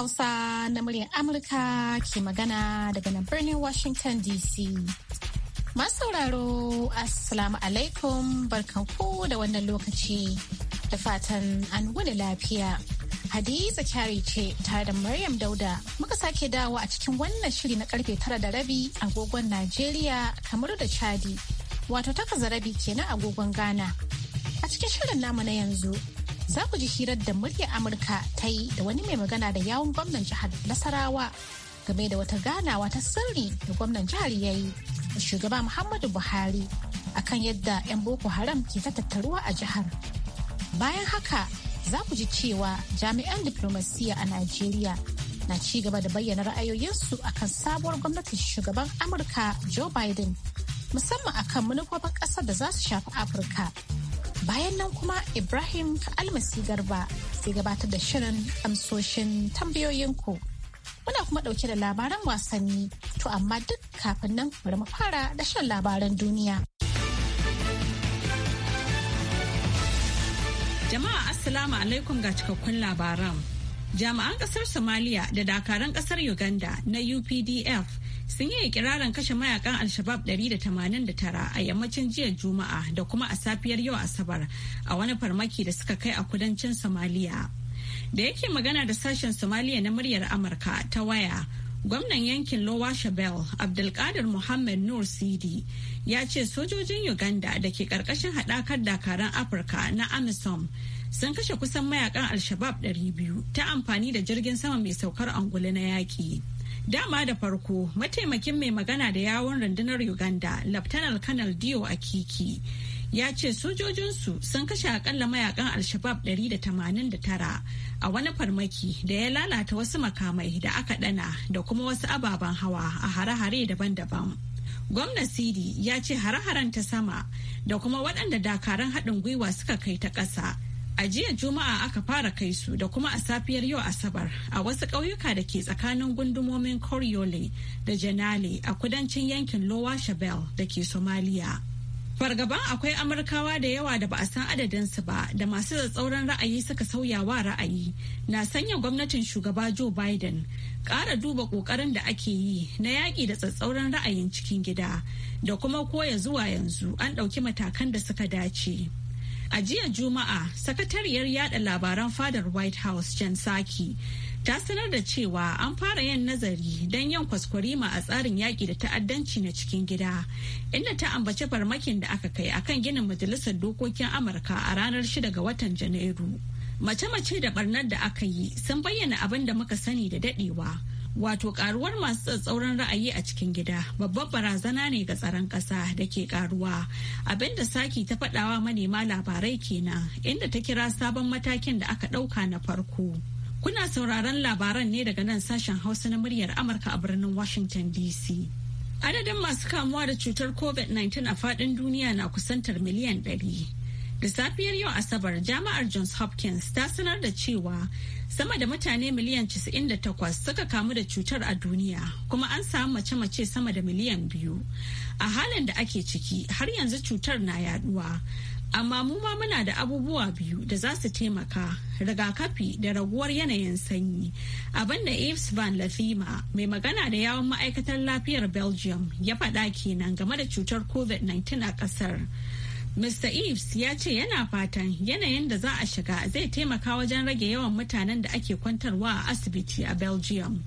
Hausa na muryar Amurka ke magana daga nan birnin Washington DC. Masu sauraro, Assalamu alaikum barkanku da wannan lokaci da fatan an wani lafiya. Hadiza kyari ce tare da Maryam Dauda muka sake dawo a cikin wannan shiri na karfe tara da rabi agogon Najeriya kamar da Chadi wato takwas rabi kenan agogon Ghana. A cikin shirin namu na yanzu za ku ji hirar da muryar Amurka ta yi da wani mai magana da yawun gwamnan jihar Nasarawa game da wata ganawa ta sirri da gwamnan jihar ya yi da shugaba Muhammadu Buhari akan yadda 'yan Boko Haram ke ta tattaruwa a jihar. Bayan haka za ku ji cewa jami'an diplomasiya a Najeriya na ci gaba da bayyana ra'ayoyinsu akan sabuwar gwamnatin shugaban amurka joe biden musamman akan manufofin ƙasar da za su shafi afirka bayan nan kuma ibrahim almasi garba zai gabatar da shirin amsoshin tambayoyinku muna kuma ɗauke da labaran wasanni to amma duk kafin nan bari mu fara da shirin labaran duniya jama'a assalamu alaikum ga cikakkun labaran jami'an ƙasar somalia da dakaran ƙasar uganda na updf sun yi ikirarin kashe mayakan alshabab 189 a yammacin jiya juma'a da kuma a safiyar yau asabar a wani farmaki da suka kai a kudancin somaliya da yake magana da sashen somaliya na muryar amurka ta waya gwamnan yankin lowa shabel abdulkadir muhammad nur sidi ya ce sojojin uganda da ke karkashin haɗakar dakaran afirka na amisom sun kashe kusan mayakan alshabab 200 ta amfani da jirgin sama mai saukar angulu na yaƙi Dama da farko mataimakin mai magana da yawon rundunar Uganda, Laftanar Kanal Dio Akiki, ya ce sojojinsu sun kashe akalla mayakan Alshabab 189 a wani farmaki da ya lalata wasu makamai da aka dana da kuma wasu ababen hawa a hare-hare daban-daban. Gwamna Sidi ya ce hare-haren ta sama da kuma waɗanda dakaran haɗin gwiwa suka kai ta ƙasa. A jiya Juma'a aka fara kai su da kuma a safiyar yau Asabar a wasu ƙauyuka da ke tsakanin gundumomin Koriole da Janale a kudancin yankin Lowa shabel da ke Somalia. Fargaban akwai Amurkawa da yawa da ba a san adadinsu ba da masu tsatsauran ra'ayi suka sauya wa ra'ayi na sanya gwamnatin shugaba Joe Biden ƙara duba ƙoƙarin da ake yi na yaƙi da tsatsauran ra'ayin cikin gida da kuma koya zuwa yanzu an ɗauki matakan da suka dace. A jiya Juma'a, sakatariyar yada labaran fadar White House Jen Psaki ta sanar da cewa an fara yin nazari don yin kwaskwarima a tsarin yaƙi da ta'addanci na cikin gida inda ta ambaci farmakin da aka kai akan ginin majalisar dokokin amurka a ranar 6 ga watan janairu mace-mace da barnar da aka yi sun bayyana abin da muka sani da dadewa wato karuwar masu tsatsauran ra'ayi a cikin gida babbar barazana ne ga tsaron ƙasa da ke karuwa abinda saki ta faɗawa manema labarai kenan inda ta kira sabon matakin da aka ɗauka na farko kuna sauraron labaran ne daga nan sashen hausa na muryar amurka a birnin washington dc adadin masu kamuwa da cutar covid-19 a faɗin duniya na kusantar miliyan 100 da safiyar yau asabar jami'ar johns hopkins ta sanar da cewa sama da mutane miliyan 98 suka kamu da cutar a duniya kuma an samu mace-mace sama da miliyan biyu a halin da ake ciki har yanzu cutar na yaduwa amma mu ma muna da abubuwa biyu da za su taimaka rigakafi da raguwar yanayin sanyi abinda Yves van lafima mai magana da yawon ma'aikatar lafiyar belgium ya faɗa kenan game da cutar covid-19 a ƙasar. Mr. Eves ya ce yana fatan yanayin da za a shiga zai taimaka wajen rage yawan mutanen da ake kwantarwa a asibiti a Belgium.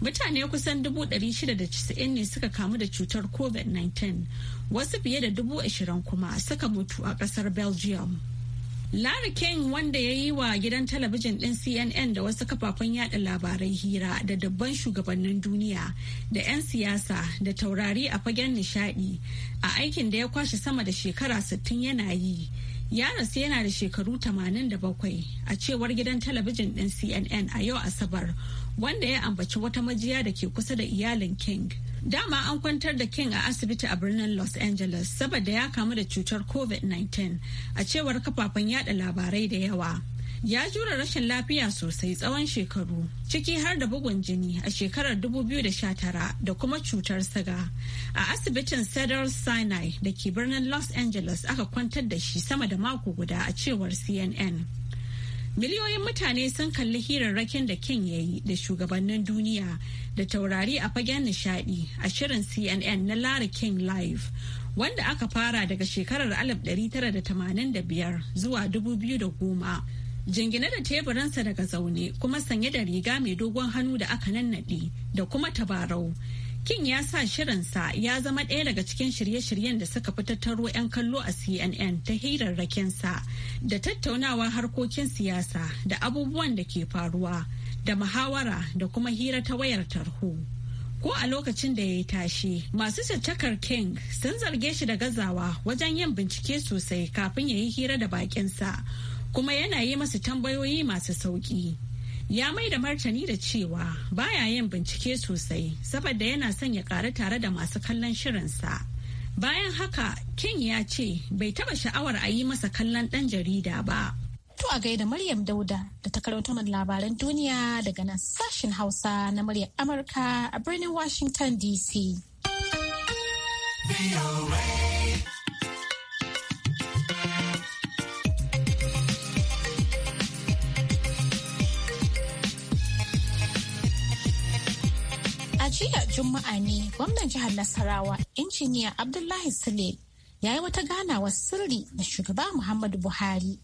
Mutane kusan 690 ne suka kamu da cutar COVID-19, wasu fiye da 20 kuma suka mutu a ƙasar Belgium. Larry King wanda ya yi wa gidan talabijin ɗin CNN da wasu kafafen yada labarai hira da dabban shugabannin duniya da 'yan siyasa da taurari a fagen nishadi a aikin da ya kwashe sama da shekara 60 yana yi. Ya rasu yana da shekaru 87 a cewar gidan talabijin ɗin CNN a yau Asabar wanda ya ambaci wata majiya da ke kusa da iyalin King. Dama an kwantar da King a asibiti a birnin Los Angeles saboda ya kamu da cutar COVID-19 a cewar kafafen yada labarai da yawa. Ya jura rashin lafiya sosai tsawon shekaru, ciki har da bugun jini a shekarar 2019 da kuma cutar siga. A asibitin Cedar Sinai da ke birnin Los Angeles aka kwantar da shi sama da mako guda a cewar CNN. miliyoyin mutane sun kalli hirarrakin da king ya yi da shugabannin duniya da taurari a fagen nishadi a shirin CNN na Larry King Live. Wanda aka fara daga shekarar 1985 zuwa 2010. Jingine da teburinsa daga zaune kuma sanye da riga mai dogon hannu da aka nannaɗe da kuma tabarau. King ya sa shirinsa ya zama ɗaya daga cikin shirye-shiryen da suka fi tattaro 'yan kallo a CNN ta hirarrakensa, da tattaunawar harkokin siyasa da abubuwan da ke faruwa. da muhawara da kuma hira ta wayar tarho. Ko a lokacin da ya yi tashi, masu caccakar King sun zarge shi da gazawa wajen yin bincike sosai kafin ya yi hira da bakinsa, kuma yana yi masu tambayoyi masu sauki. Ya mai da martani da cewa baya yin bincike sosai saboda yana son ya ƙaru tare da masu kallon shirinsa. Bayan haka, King ya ce bai taba sha'awar a yi masa kallon ɗan jarida ba. To a gaida Maryam Dauda da ta karanta mana labaran duniya daga nan sashen Hausa na maryam Amurka a birnin Washington DC. A jiya Juma'a ne gwamnan jihar Nasarawa, injiniya Abdullahi Sule ya yi wata ganawa sirri da shugaba Muhammadu Buhari.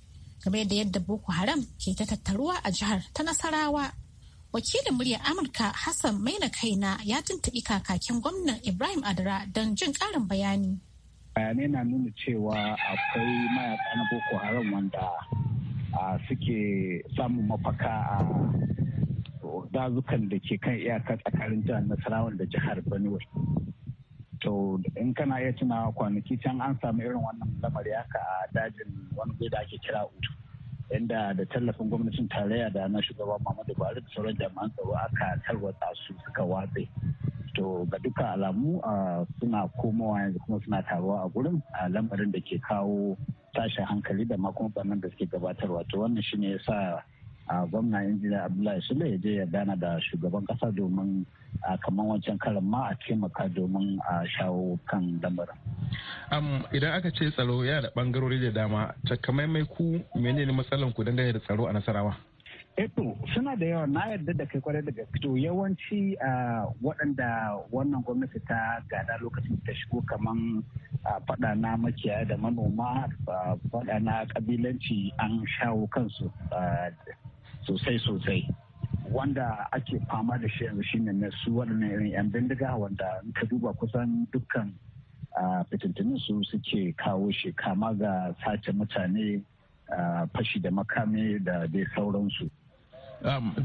game da yadda Boko Haram ke ta tattaruwa a jihar ta Nasarawa. Wakilin muryar Amurka Hassan Maina Kaina ya tuntuɓi kakakin gwamnan Ibrahim Adara don jin ƙarin bayani. Bayanai na nuna cewa akwai mayaka na Boko Haram wanda suke samun mafaka a dazukan da ke kan iyakar tsakanin jihar Nasarawa da jihar Benue. to in kana iya tuna kwanaki can an samu irin wannan lamari haka a dajin wani guri da ake kira utu inda da tallafin gwamnatin tarayya da na shugaban Muhammadu Buhari da sauran jami'an tsaro aka tarwatsa su suka watse to ga duka alamu suna komowa yanzu kuma suna taruwa a gurin a lamarin da ke kawo tashin hankali da ma kuma bannan da suke gabatarwa to wannan shine yasa gwamna injiniya Abdullahi Sule ya je ya gana da shugaban kasa domin kamar wancan karan ma a taimaka domin a shawo kan lamarin. idan aka ce tsaro yana da bangarori da dama takamaimai ku menene matsalan ku dangane da tsaro a nasarawa eto eh suna da yawa na yarda da kai kwarai daga fito yawanci a waɗanda wannan gwamnati ta gada lokacin ta shigo kaman faɗa na makiya da manoma faɗa na ƙabilanci an shawo kansu sosai sosai wanda ake fama da shi yanzu shine na su waɗannan irin 'yan bindiga wanda ka duba kusan dukkan fitintunin su suke kawo shi kama ga sace mutane fashi da makami da dai sauransu.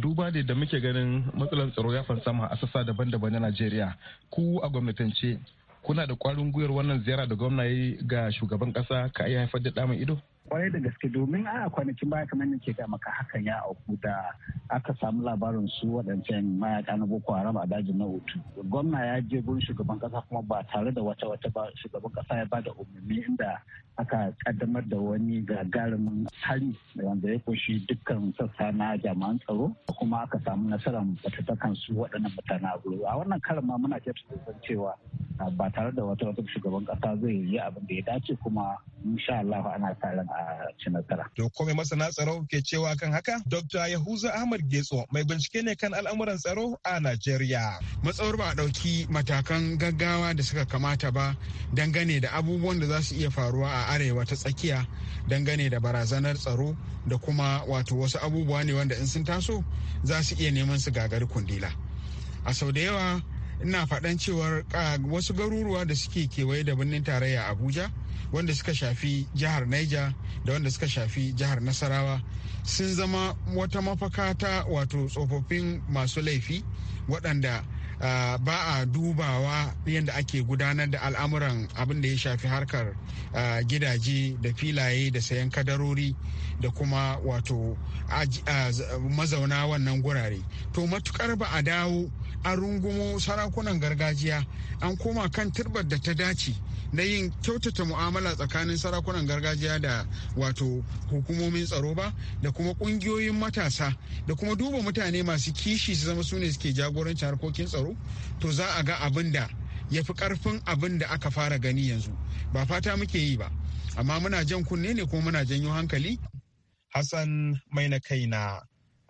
duba da da muke ganin matsalar tsaro ya sama a sassa daban-daban na Najeriya ku a gwamnatance kuna da kwarin gwiwar wannan ziyara da gwamna ga shugaban kasa ka iya haifar da damar ido? kwarai da gaske domin a kwanakin baya kamar ke ga maka hakan ya auku da aka samu labarin su waɗancan mayaka na boko haram a dajin na hutu gwamna ya je gun shugaban kasa kuma ba tare da wata wata ba shugaban kasa ya bada umarni inda aka kaddamar da wani gagarumin hari wanda ya kunshi dukkan sassa na jami'an tsaro kuma aka samu nasarar fatattakan su waɗannan mutane a a wannan karin ma muna kyautata cewa Uh, ba tare da wata wata shugaban kasa zai yi abin da ya dace kuma insha Allah ana tarin a ci nasara. To kome masana tsaro ke cewa kan haka? Dr. Yahuza Ahmad Getso mai bincike ne kan al'amuran tsaro a Najeriya. Matsawar ba a ɗauki matakan gaggawa da suka kamata ba dangane da abubuwan da za su iya faruwa a arewa ta tsakiya dangane da barazanar tsaro da kuma wato wasu abubuwa ne wanda in sun taso za su iya neman su gagari kundila. A sau da yawa ina faɗan cewar wasu garuruwa da suke kewaye da birnin tarayya abuja wanda suka shafi jihar naija da wanda suka shafi jihar nasarawa sun zama wata mafaka ta wato tsofaffin masu laifi waɗanda Uh, ba a dubawa yadda ake gudanar da al'amuran abin da ya shafi harkar uh, gidaje da filaye da sayan kadarori da kuma wato uh, mazauna wannan gurare to matukar ba a dawo an rungumo sarakunan gargajiya an koma kan turbar da ta dace na yin kyautata mu'amala tsakanin sarakunan gargajiya da wato hukumomin tsaro ba da kuma kungiyoyin matasa da kuma duba mutane masu kishi su zama sune suke jagorancin harkokin tsaro to za a ga abin da ya fi karfin abin da aka fara gani yanzu ba fata muke yi ba amma muna jan kunne ne kuma muna janyo hankali hassan mai na kai na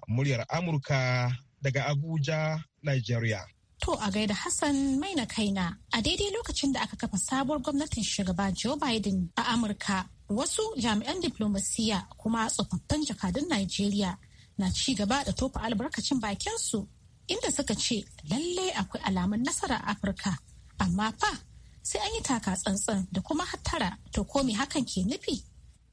muryar amurka daga abuja Nigeria. To a gaida Hassan mai na kaina a daidai lokacin da aka kafa sabuwar gwamnatin shugaba Joe Biden a Amurka wasu jami'an diplomasiya kuma tsofaffin jakadun Najeriya na ci gaba da tofa albarkacin bakinsu inda suka ce lallai akwai alamun nasara a Afirka amma fa sai an yi taka tsantsan da kuma hattara to ko me hakan ke nufi?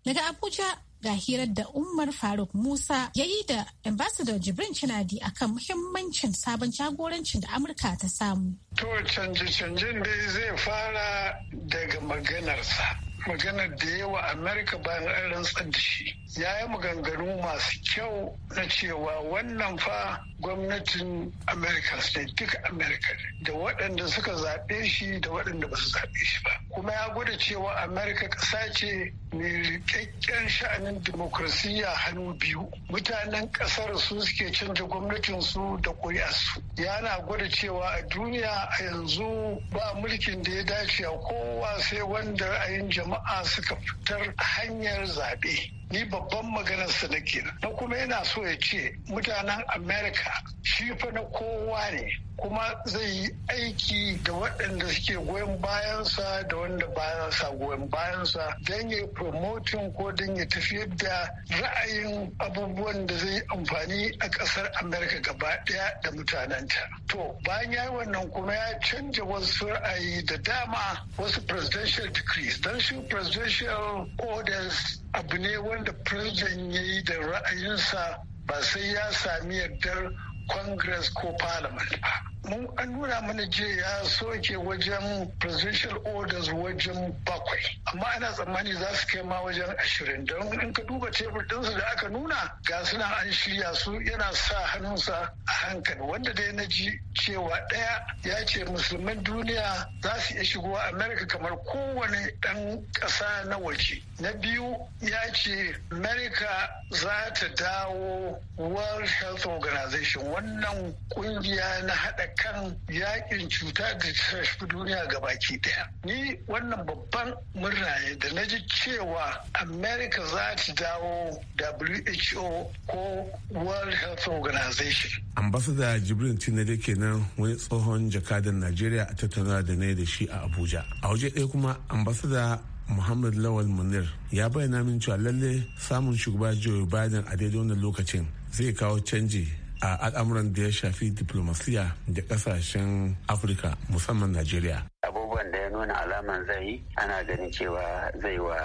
Daga Abuja ga hirar da Umar Faruk Musa ya yi da Ambassador Jibrin a akan muhimmancin sabon jagorancin da Amurka ta samu. To canje-canjen dai zai fara daga maganarsa. maganar da yawa amerika bayan an rantsar shi ya yi maganganu masu kyau na cewa wannan fa gwamnatin amerika ne duka amerika da waɗanda suka zaɓe shi da waɗanda ba su zaɓe shi ba kuma ya gwada cewa amerika ƙasa ce miƙaƙƙen sha'anin demokrasiyya hannu biyu mutanen ƙasar su suke canza gwamnatinsu da ƙuri'arsu yana gwada cewa a duniya a yanzu ba mulkin da ya dace a kowa sai wanda ra'ayin jama'a suka fitar hanyar zaɓe ni babban maganar sa nake na kuma yana so ya ce mutanen america shi fa na kowa ne kuma zai yi aiki da waɗanda suke goyon bayansa da wanda bayansa goyon bayansa don ya promoting ko don ya tafiyar da ra'ayin abubuwan da zai yi amfani a ƙasar america gaba ɗaya da mutanenta to bayan ya yi wannan kuma ya canja wasu ra'ayi da dama wasu presidential decrees don shi presidential orders abu ne wani abin da president ya yi da ra'ayinsa ba sai ya sami yardar congress ko parliament ba mun an nuna mana jiya ya soke wajen presidential orders wajen bakwai amma ana tsammani za su kai ma wajen ashirin don in ka duba tebur ɗinsu da aka nuna ga suna an shirya su yana sa hannunsa a hankali wanda dai na ji cewa ɗaya ya ce musulman duniya za su iya shigo america kamar kowane ɗan ƙasa na waje na biyu ya ce america za ta dawo world health organization wannan ƙungiya na haɗa kan yakin cuta da ta shafi duniya ga baki daya ni wannan babban murna ne da na ji cewa america za ta dawo who ko world health organization ambasada jibril tinade kenan wani tsohon jakadan najeriya a tattauna da ne da shi a abuja a waje ɗaya kuma ambasada Muhammad Lawal Munir ya bayyana min cewa lalle samun shugaba Joe Biden a daidai wannan lokacin zai kawo canji a al'amuran da ya shafi diplomasiya da kasashen afirka musamman najeriya abubuwan da ya nuna alaman zai yi ana ganin cewa zai wa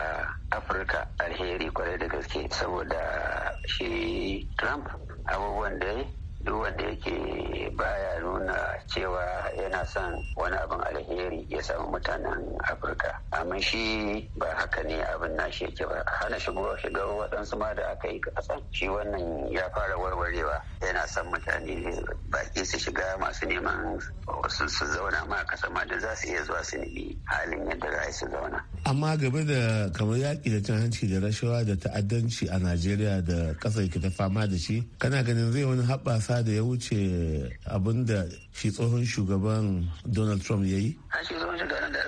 afirka alheri kwarai da gaske saboda shi trump abubuwan da ya duk wanda yake baya nuna cewa yana son wani abin alheri ya samu mutanen afirka amma shi ba haka ne abin na shi yake ba hana shigo shiga waɗansu ma da aka yi ƙasan, shi wannan ya fara warwarewa yana son mutane baki su shiga masu neman su zauna ma kasa ma da za su iya zuwa su nemi halin yadda za su zauna amma game da kamar yaƙi da cin hanci da rashawa da ta'addanci a najeriya da ƙasar ke ta fama da shi kana ganin zai wani haɓasa da ya wuce abin da shi tsohon shugaban donald trump ya yi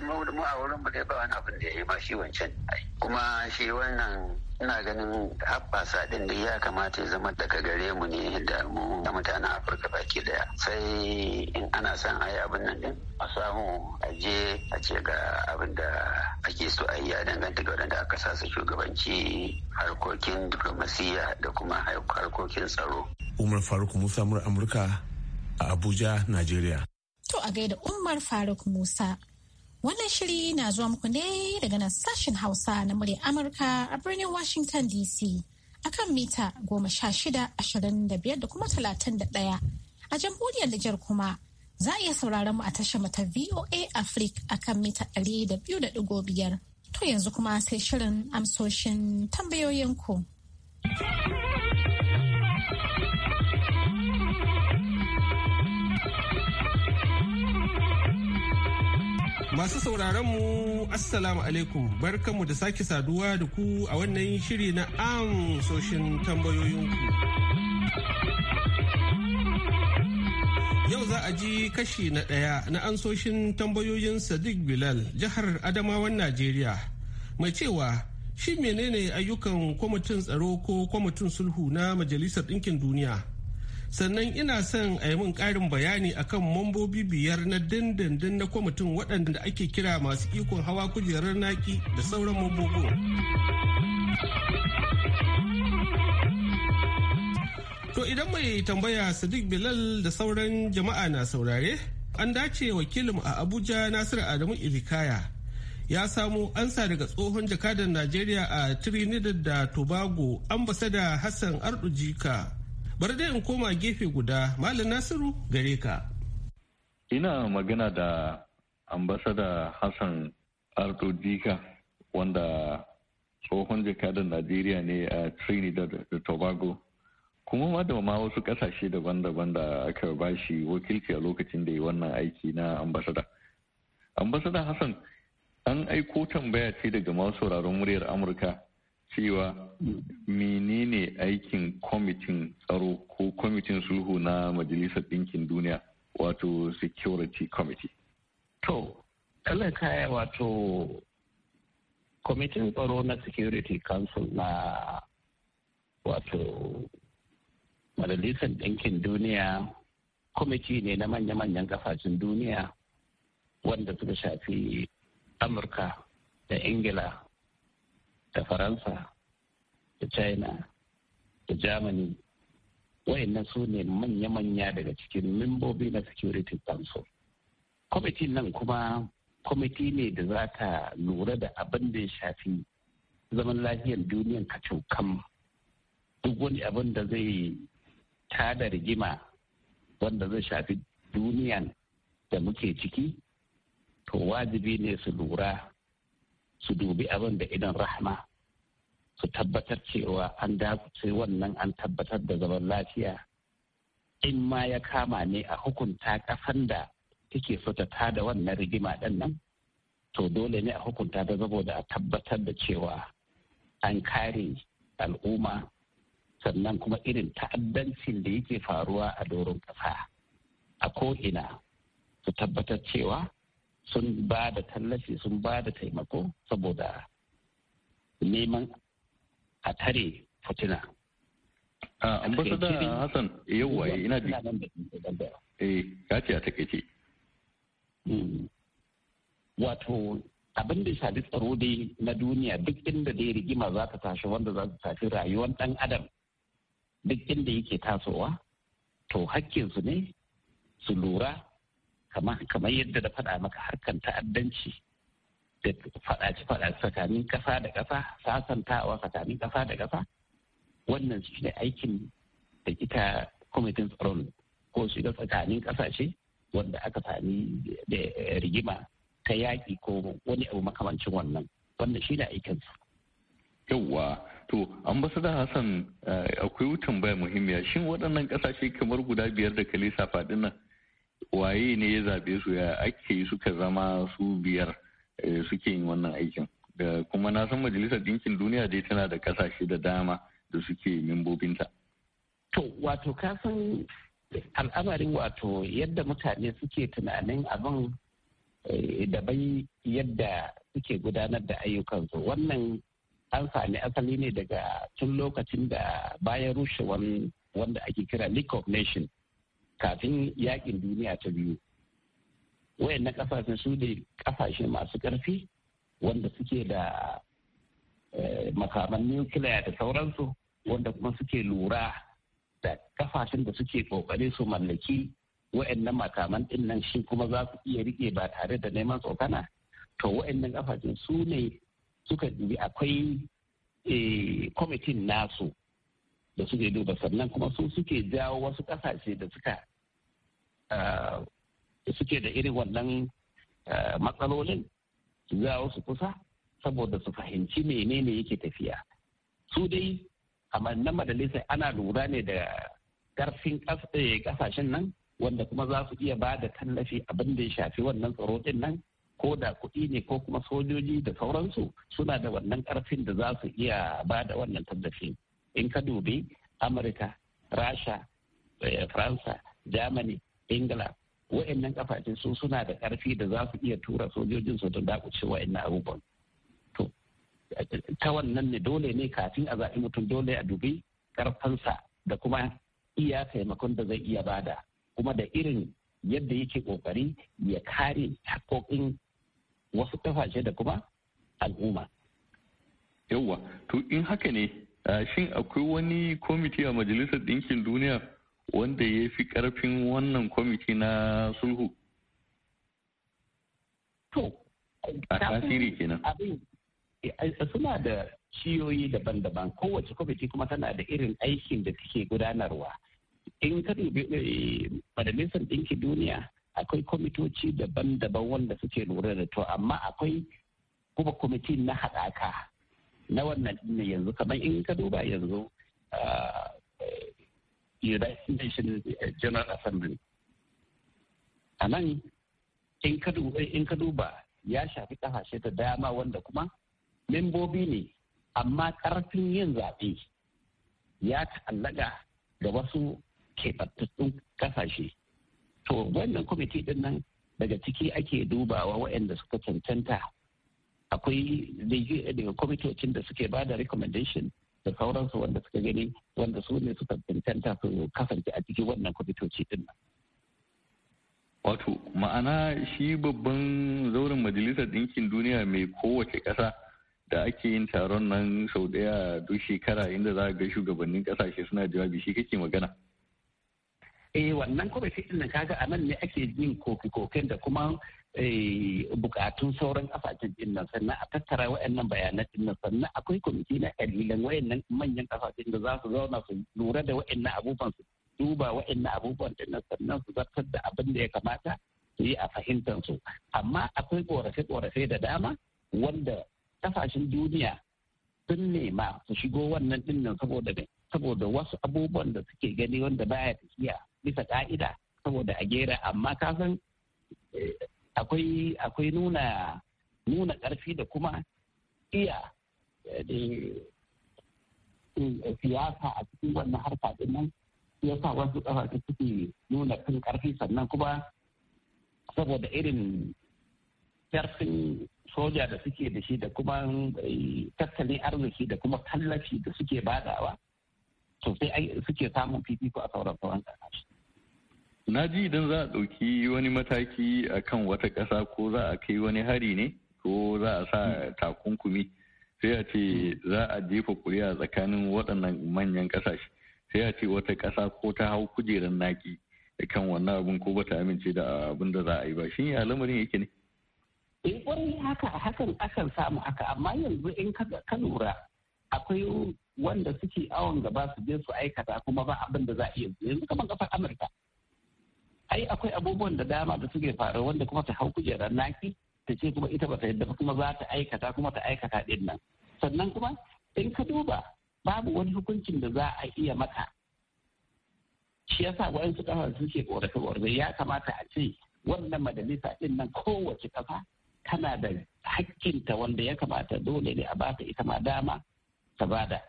mu a wurin mu dai ba wani abin da ya yi ma shi wancan kuma shi wannan ina ganin haɓasa ɗin da ya kamata ya zama daga gare mu ne da mu da mutanen afirka baki daya sai in ana son a yi abin nan din a samu a je a ce ga abin da ake so a yi a danganta ga waɗanda aka sa su shugabanci harkokin diplomasiya da kuma harkokin tsaro umar faruk musa mura amurka a abuja nigeria to a gaida umar faruk musa Wannan shiri na zuwa muku ne daga nan sashen Hausa na murya Amurka a birnin Washington DC akan mita goma sha shida ashirin da biyar da kuma talatin da ɗaya. A jamhuriyar Nijar kuma za a iya sauraron mu a tashar mata VOA Africa akan mita ɗari da biyu da ɗigo biyar. To yanzu kuma sai shirin amsoshin tambayoyinku. ku. Masu sauraron mu Assalamu alaikum barkanmu da sake saduwa da ku a wannan shiri na soshin tambayoyinku. Yau za a ji kashi na ɗaya na ansoshin tambayoyin Sadiq Bilal jihar Adamawan Najeriya mai cewa shi menene ayyukan kwamitin tsaro ko kwamitin sulhu na Majalisar Ɗinkin Duniya. sannan ina son a yi min ƙarin bayani akan mambobi biyar na dindindin na kwamitin waɗanda ake kira masu ikon hawa kujerar naki da sauran mambobin. To idan mai tambaya Sadiq Bilal da sauran jama'a na saurare, an dace wakilin a Abuja Nasiru Adamu Ibikaya ya samo ansa daga tsohon jakadar najeriya a trinidad da tobago ambasada hassan ardujika bari dai in koma gefe guda malam nasiru gare ka ina magana da ambasada hassan ardojika wanda tsohon da najeriya ne a trinidad da tobago kuma ma da ma wasu kasashe daban-daban da aka ba shi wakilci a lokacin da yi wannan aiki na ambasada ambasada hassan an aiko tambaya ce daga masu sauraron muryar amurka cewa menene aikin kwamitin tsaro ko kwamitin sulhu na majalisar ɗinkin duniya wato security committee to kalan kaya wato kwamitin tsaro na security council na wato majalisar ɗinkin duniya kwamiti ne na manya-manyan kasashen duniya wanda suka shafi amurka da ingila da faransa da china da germany wayannan su ne manya-manya daga cikin membobi na security council kwamitin nan kuma kwamiti ne da za ta lura da abin da ya shafi zaman lafiyar duniyan kacokan duk wani abin da zai tada rigima wanda zai shafi duniyan da muke ciki to wajibi ne su lura su dubi abin da idan rahma, su tabbatar cewa an sai wannan an tabbatar da zaman lafiya in ma ya kama ne a hukunta kasan da take so ta tada wannan rigima ɗin nan to dole ne a hukunta ta saboda a tabbatar da cewa an kare al'umma sannan kuma irin ta'addancin da yake faruwa a doron ƙasa a ko'ina su tabbatar cewa sun ba da tallafi sun ba da taimako saboda neman a tare fitina. Ah, ambasada hassan yauwa ina bi eh ya ce a takaice hmm. wato abin da shafi tsaro dai na duniya duk inda dai rigima za ta tashi wanda za ta tashi rayuwar dan adam duk inda yake tasowa to hakkinsu ne su lura kamar yadda da faɗa maka harkar ta'addanci da faɗaci faɗa tsakanin ƙasa da ƙasa sasantawa tsakanin ƙasa da ƙasa wannan su ne aikin da ita kwamitin tsaron ko su ga tsakanin ƙasashe wanda aka sami da rigima ta yaƙi ko wani abu makamancin wannan wannan shi ne aikinsu. yauwa to ambasada hassan eh, akwai wutan tambaya muhimmiya shin waɗannan ƙasashe kamar guda biyar da kalisa lissafa nan waye ne ya zaɓe su ya ake suka zama su biyar eh, suke yin wannan aikin da kuma na san majalisar ɗinkin duniya dai tana da ƙasashe da dama da suke membobinta to wato ka san al'amarin wato yadda mutane suke tunanin abin eh, da bai yadda suke gudanar da ayyukansu wannan an sami asali ne daga tun lokacin da bayan rushe wanda ake kira league of nations kafin yakin duniya ta biyu wayannan kasashen su ne kasashe masu karfi wanda suke da eh, makaman nukiliya da sauransu wanda kuma suke lura da kasashen da suke kokari su mallaki wayannan makaman din nan shi kuma za su iya rike ba tare da neman tsokana to wayannan kasashen su ne suka dubi akwai eh, kwamitin nasu da suke duba sannan kuma su suke jawo wasu kasashe da suka ah, suke da irin wannan ah, matsalolin su jawo su kusa saboda su fahimci menene yake tafiya su dai a na madalisa ana lura ne da karfin kasashen eh, nan wanda kuma za su iya ba da tallafi abin da ya shafi wannan tsaro din nan ko da kuɗi ne ko kuma sojoji da sauransu suna da wannan karfin da za su iya ba da wannan tallafi in ka dubi amurka rasha eh, faransa germany ingila wa'annan kafafen su suna da karfi da za su iya tura sojojin su don dakuce wa'annan abubuwan to ta wannan ne dole ne kafin a zaɓi mutum dole a dubi karfansa da kuma iya taimakon da zai iya bada kuma da irin yadda yake kokari ya kare haƙoƙin wasu kafashe da kuma al'umma yauwa to in haka ne shin akwai wani kwamiti a majalisar ɗinkin duniya wanda ya fi ƙarfin wannan kwamiti na sulhu to a tasiri kenan eh, suna da ciyoyi daban-daban kowace kwamiti kuma tana da irin aikin da take gudanarwa in ka dubi eh, majalisar ɗinkin duniya akwai kwamitoci daban-daban wanda suke lura da to amma akwai kuma kwamiti na haɗaka na wannan dinne yanzu kamar in ka duba yanzu eh, United Nations General Assembly a nan in ka duba ya shafi kasashe da dama wanda kuma membobi ne amma karfin yin zaɓe ya ta'allaka ga wasu keɓantattun kasashe to wannan kwamiti din nan daga ciki ake dubawa waɗanda suka cancanta akwai daga kwamitocin da suke ba da recommendation da sauransu wanda suka gani wanda su ne suka cancanta su kasance a cikin wannan kwamitoci din nan. Wato ma'ana shi babban zauren majalisar ɗinkin duniya mai kowace ƙasa da ake yin taron nan sau ɗaya duk shekara inda za a ga shugabannin ƙasashe suna jawabi shi kake magana. Eh wannan kwamitin din kaga a nan ne ake yin koke-koken da kuma Eh, bukatun sauran kasashen din nan sannan a tattara wayannan bayanan din nan sannan akwai kwamiti na kalilan wayannan manyan kasashen da za su zauna su lura da wayannan abubuwan su duba wayannan abubuwan din nan sannan su zartar da abin da ya kamata su yi a fahimtar su amma akwai korafe-korafe da dama wanda kasashen duniya sun nema su shigo wannan din saboda saboda wasu abubuwan da suke gani wanda baya tafiya bisa ka'ida saboda a gera amma ka san eh, akwai akwai nuna nuna ƙarfi da kuma iya eh, mm, siyasa a cikin wannan harka din nan ya sa wasu ƙasashe suke nuna kan ƙarfi sannan kuma saboda irin ƙarfin soja da suke da shi da kuma eh, tattalin arziki da kuma tallafi da suke badawa sosai suke samun fifiko a sauran sauran ƙasashe na ji idan za a ɗauki wani mataki a kan wata ƙasa ko za a kai wani hari ne ko za a sa mm. takunkumi sai a ce mm. za a jefa kuri'a tsakanin waɗannan manyan ƙasashe sai a ce wata ƙasa ko ta hau kujerar naki kan wannan abin ko bata amince da abin da za a yi ba shi ya lamarin yake ne eh haka hakan akan samu haka amma yanzu in ka lura akwai wanda suke awon gaba su je su aikata kuma ba abin da za a iya yanzu kamar kafar amurka ai akwai abubuwan da dama da suke faru wanda kuma ta hau kujerar naki ta ce kuma ita ba ta yadda kuma za ta aikata kuma ta aikata din nan sannan kuma in ka duba babu wani hukuncin da za a iya maka shi yasa wayansu kafar suke korafe korafe ya kamata a ce wannan majalisa din nan kowace kafa tana da hakkinta wanda ya kamata dole ne a bata ita ma dama ta ba da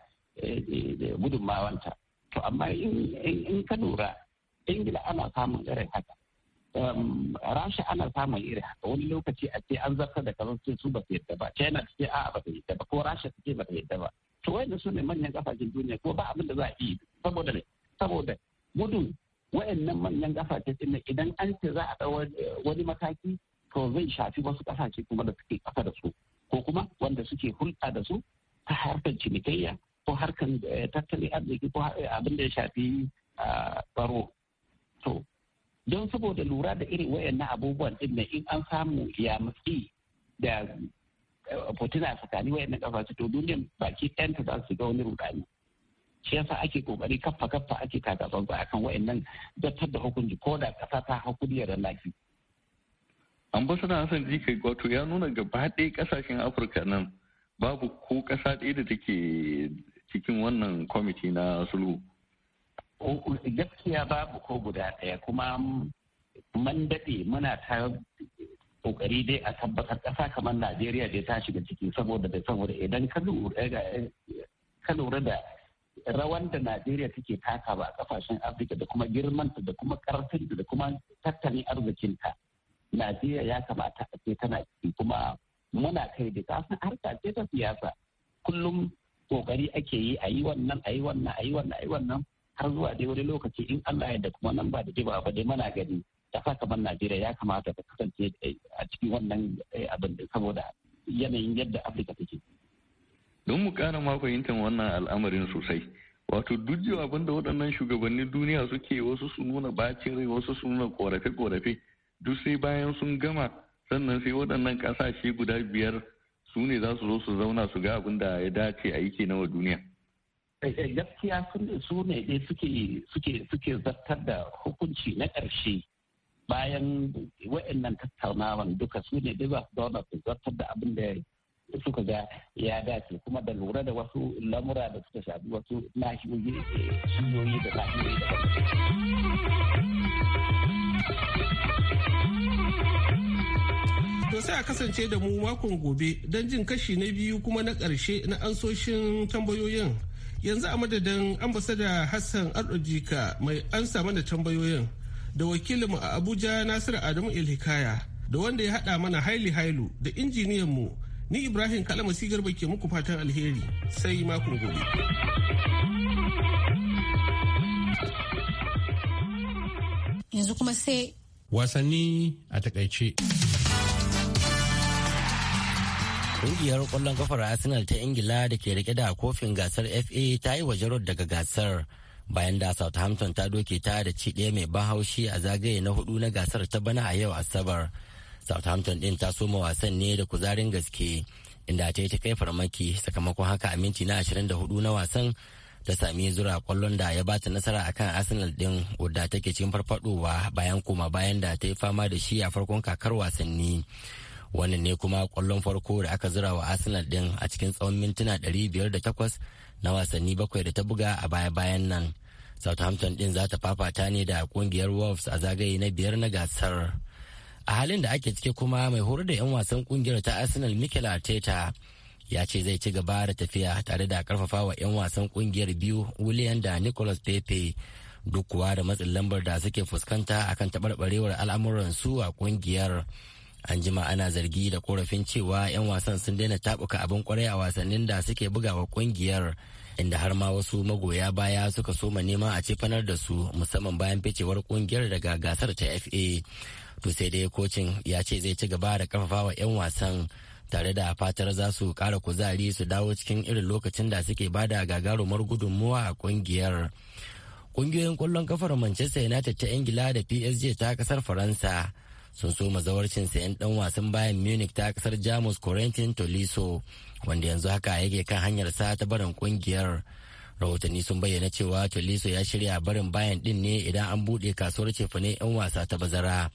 eh, eh, gudunmawanta to amma in ka lura ingila ana samun irin haka rasha ana samun irin haka wani lokaci a ce an zartar da kamar su ba su yadda ba china ta ce a ba ta yadda ba ko rasha ta ce ba ta yadda ba to wayanda su ne manyan kasashen duniya ko ba abin da za a yi saboda ne saboda gudun wayannan manyan kasashen din idan an ce za a dawo wani mataki to zai shafi wasu kasashe kuma da suke kafa da su ko kuma wanda suke hulɗa da su ta harkar cinikayya ko harkar eh, tattalin arziki ko eh, abin da ya shafi ah, tsaro to don saboda lura da irin wayannan abubuwan din da in an samu ya matsi da eh, fitina tsakanin wayannan kafasu to duniyan baki ta za su ga wani rudani shi yasa ake kokari kaffa kaffa ake kakasan a kan wayannan zartar da hukunci ko da kasa ta hakuri da laki ambasada hassan jikai wato ya nuna gaba ɗaya kasashen afirka nan babu ko kasa ɗaya da take cikin wannan kwamiti na sulhu gaskiya babu ko guda ɗaya kuma man daɗe muna ta kokari dai a tabbatar ƙasa kamar najeriya dai ta shiga ciki saboda da saboda idan ka lura da rawan da najeriya take taka ba a ƙasashen afirka da kuma girmanta da kuma ƙarfinta da kuma tattalin arzikinta najeriya ya kamata a ce tana ciki kuma muna kai da kasan harka ce ta siyasa kullum kokari ake yi a yi wannan a yi wannan a yi wannan a yi wannan har zuwa dai wani lokaci in Allah ya da kuma nan ba da giba ba dai mana gani ta fa kamar Najeriya ya kamata ta kasance eh, a cikin wannan eh, abin da saboda yanayin yadda Afirka take. Don mu ƙara ma fahimtar wannan al'amarin sosai. Wato duk jawaban da waɗannan shugabannin duniya suke wasu su nuna bacin rai wasu su nuna korafe-korafe duk sai bayan sun gama sannan sai waɗannan ƙasashe guda biyar su ne za su zo su zauna su ga abin da ya dace a yi ke nawa duniya. Eh, gaskiya su ne dai suke zartar da hukunci na ƙarshe bayan waɗannan tattaunawan duka su ne dai su zauna su zartar da abin da suka ga ya dace kuma da lura da wasu lamura da suka shafi wasu nahiyoyi da nahiyoyi da sai a kasance da mu makon gobe don jin kashi na biyu kuma na ƙarshe na ansoshin tambayoyin yanzu a madadin ambasada hassan ardojika mai ansa mana tambayoyin da wakilinmu a abuja nasiru adamu ilhikaya da wanda ya haɗa mana haili hailu da injiniyanmu ni ibrahim kalama garba ke muku fatan alheri sai makon gobe yanzu kuma sai wasanni a takaice. Ƙungiyar kwallon kafar Arsenal ta Ingila da ke rike da kofin gasar FA ta yi wajen rod daga gasar bayan da Southampton ta doke ta da ci ɗaya mai ban haushi a zagaye na hudu na gasar ta bana a yau Asabar. Southampton din ta soma wasan ne da kuzarin gaske inda ta yi ta kai farmaki sakamakon haka a minti na 24 na wasan ta sami zura kwallon da ya bata nasara akan Arsenal ɗin wadda take cikin farfadowa bayan kuma bayan da ta yi fama da shi a farkon kakar wasanni. wannan ne kuma kwallon farko da aka zira wa arsenal din a cikin tsawon mintuna 508 na wasanni bakwai da ta buga a baya-bayan nan southampton din za ta fafata ne da kungiyar wolves a zagaye na biyar na gasar a halin da ake cike kuma mai horar da 'yan wasan kungiyar ta arsenal mikel arteta ya ce zai ci gaba da tafiya tare da karfafa wa 'yan wasan kungiyar biyu william da nicholas pepe duk kuwa da matsin lambar da suke fuskanta akan taɓarɓarewar al'amuransu a kungiyar. an jima ana zargi da korafin cewa 'yan wasan sun daina tabuka abin kwarai a wasannin da suke bugawa kungiyar inda har ma wasu magoya baya suka soma nema a cefanar da su musamman bayan ficewar kungiyar daga gasar ta fa to sai dai kocin ya ce zai ci gaba da karfafawa 'yan wasan tare da fatar za su kara kuzari su dawo cikin irin lokacin da suke bada gagarumar gudunmuwa a kungiyar kungiyoyin kwallon kafar manchester united ta ingila da psg ta kasar faransa sun so mazawarcin sayan dan wasan bayan munich ta kasar jamus corentin toliso wanda yanzu haka yake kan hanyar sa ta barin kungiyar rahotanni sun bayyana cewa toliso ya shirya barin bayan din ne idan an buɗe kasuwar cefane 'yan wasa ta bazara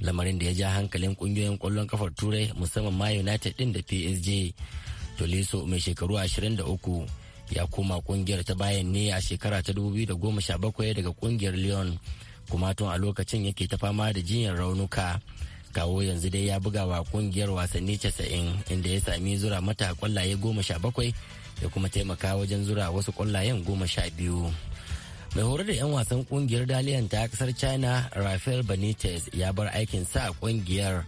lamarin da ya ja hankalin kungiyoyin kwallon kafar turai musamman ma united din da psg toliso mai shekaru 23 ya koma kungiyar ta bayan ne a shekara ta 2017 daga kungiyar lyon kuma tun a lokacin yake ta fama da jinyar raunuka kawo yanzu dai ya buga wa kungiyar wasanni casa'in inda ya sami zura mata kwallaye goma sha bakwai ya kuma taimaka wajen zura wasu kwallayen goma sha biyu mai horar da 'yan wasan kungiyar daliyan ta kasar china rafael benitez ya bar aikin sa a kungiyar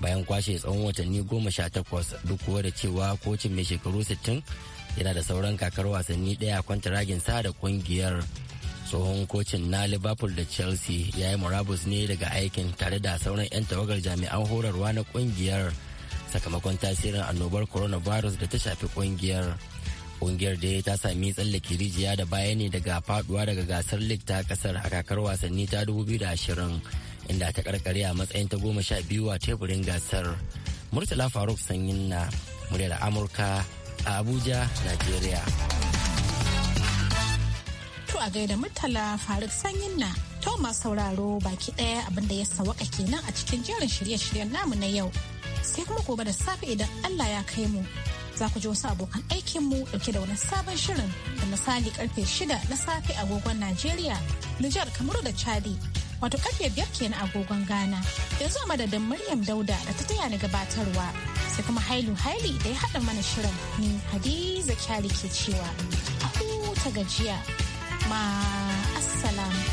bayan kwashe tsawon watanni goma sha takwas duk kuwa da cewa kocin mai shekaru sittin yana da sauran kakar wasanni daya ragin sa da kungiyar tsohon kocin na liverpool da chelsea ya yi murabus ne daga aikin tare da sauran 'yan tawagar jami'an horarwa na kungiyar sakamakon tasirin annobar coronavirus da ta shafi kungiyar kungiyar da ta sami tsallake rijiya da baya ne daga faduwa daga gasar league ta kasar a kakar wasanni ta 2020 inda ta karkare a matsayin ta goma sha biyu a teburin gasar murtala faruk sanyin na muryar amurka a abuja nigeria To a gaida Murtala Faruk Sanyin na to masu sauraro baki ɗaya abinda ya sawaka kenan a cikin jerin shirye-shiryen namu na yau. Sai kuma gobe da safe idan Allah ya kai mu. Za ku ji wasu abokan aikinmu ɗauke da wani sabon shirin da misali karfe shida na safe agogon Najeriya, Nijar, Kamaru da Chadi. Wato karfe biyar kenan agogon Ghana. Yanzu a madadin Maryam Dauda da ta taya ni gabatarwa. Sai kuma Hailu Haili da ya haɗa mana shirin ni Hadiza Kyari ke cewa. A huta gajiya. ma asala.